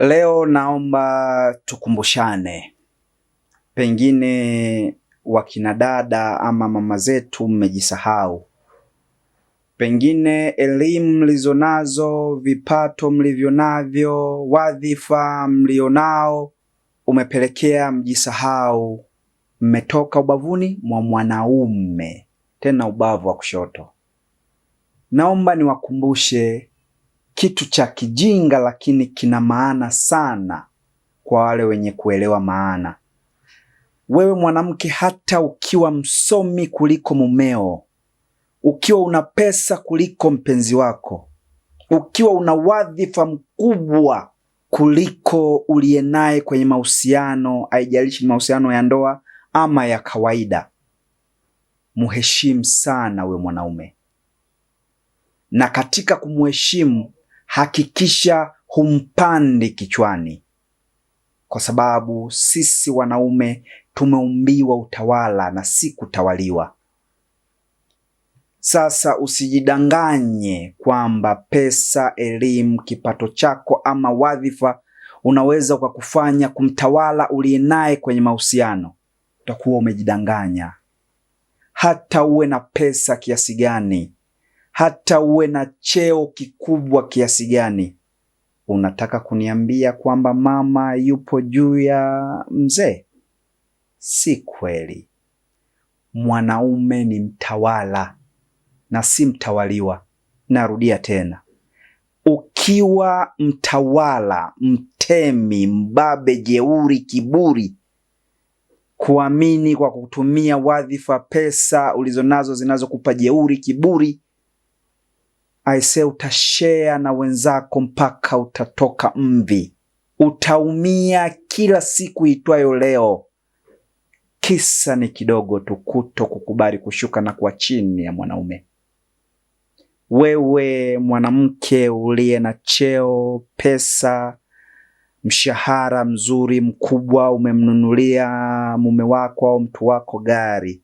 Leo naomba tukumbushane, pengine wakina dada ama mama zetu mmejisahau, pengine elimu mlizonazo, vipato mlivyonavyo, wadhifa mlionao umepelekea mjisahau, mmetoka ubavuni mwa mwanaume, tena ubavu wa kushoto. Naomba niwakumbushe kitu cha kijinga, lakini kina maana sana kwa wale wenye kuelewa maana. Wewe mwanamke, hata ukiwa msomi kuliko mumeo, ukiwa una pesa kuliko mpenzi wako, ukiwa una wadhifa mkubwa kuliko uliye naye kwenye mahusiano, haijalishi ni mahusiano ya ndoa ama ya kawaida, muheshimu sana we mwanaume, na katika kumuheshimu hakikisha humpandi kichwani, kwa sababu sisi wanaume tumeumbiwa utawala na si kutawaliwa. Sasa usijidanganye kwamba pesa, elimu, kipato chako ama wadhifa unaweza ukakufanya kumtawala uliye naye kwenye mahusiano. Utakuwa umejidanganya. Hata uwe na pesa kiasi gani, hata uwe na cheo kikubwa kiasi gani. Unataka kuniambia kwamba mama yupo juu ya mzee? Si kweli. Mwanaume ni mtawala na si mtawaliwa. Narudia tena, ukiwa mtawala, mtemi, mbabe, jeuri, kiburi, kuamini kwa kutumia wadhifa, pesa ulizonazo zinazokupa jeuri, kiburi aise, utashea na wenzako mpaka utatoka mvi, utaumia kila siku itwayo leo. Kisa ni kidogo tu, kuto kukubali kushuka na kuwa chini ya mwanaume. Wewe mwanamke uliye na cheo, pesa, mshahara mzuri mkubwa, umemnunulia mume wako au mtu wako gari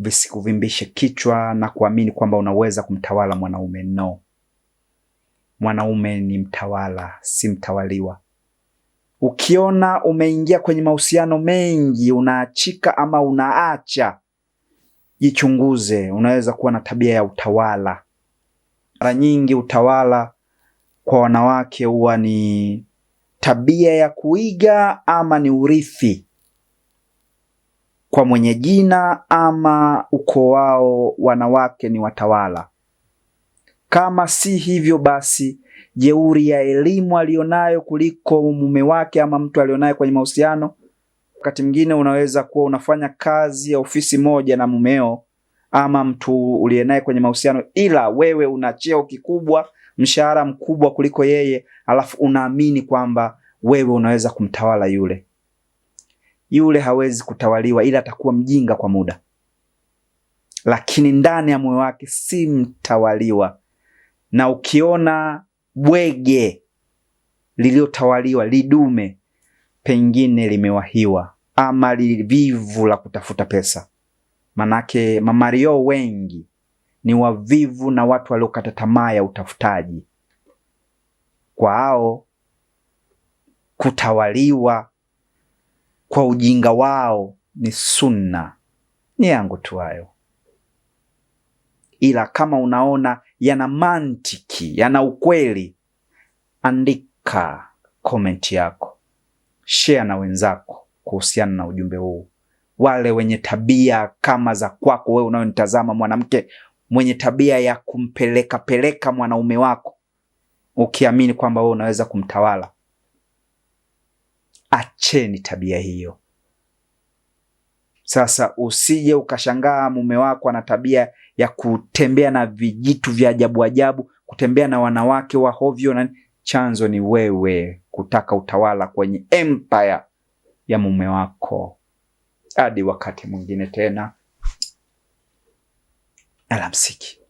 visikuvimbishe kichwa na kuamini kwamba unaweza kumtawala mwanaume. No, mwanaume ni mtawala, si mtawaliwa. Ukiona umeingia kwenye mahusiano mengi unaachika ama unaacha, jichunguze. Unaweza kuwa na tabia ya utawala. Mara nyingi utawala kwa wanawake huwa ni tabia ya kuiga ama ni urithi kwa mwenye jina ama ukoo wao wanawake ni watawala. Kama si hivyo basi, jeuri ya elimu aliyonayo kuliko mume wake ama mtu aliyonaye kwenye mahusiano. Wakati mwingine unaweza kuwa unafanya kazi ya ofisi moja na mumeo ama mtu naye kwenye mahusiano, ila wewe una cheo kikubwa, mshahara mkubwa kuliko yeye, alafu unaamini kwamba wewe unaweza kumtawala yule yule hawezi kutawaliwa, ila atakuwa mjinga kwa muda, lakini ndani ya moyo wake si mtawaliwa. Na ukiona bwege liliyotawaliwa lidume, pengine limewahiwa ama livivu la kutafuta pesa. Manake mamario wengi ni wavivu na watu waliokata tamaa ya utafutaji. Kwao kutawaliwa kwa ujinga wao ni sunna. Ni yangu tu hayo, ila kama unaona yana mantiki, yana ukweli, andika komenti yako, share na wenzako kuhusiana na ujumbe huu. Wale wenye tabia kama za kwako wewe unayonitazama, mwanamke mwenye tabia ya kumpeleka peleka mwanaume wako ukiamini kwamba wewe unaweza kumtawala Acheni tabia hiyo. Sasa usije ukashangaa mume wako ana tabia ya kutembea na vijitu vya ajabu ajabu, kutembea na wanawake wa hovyo na chanzo ni wewe kutaka utawala kwenye empire ya mume wako. Hadi wakati mwingine tena, alamsiki.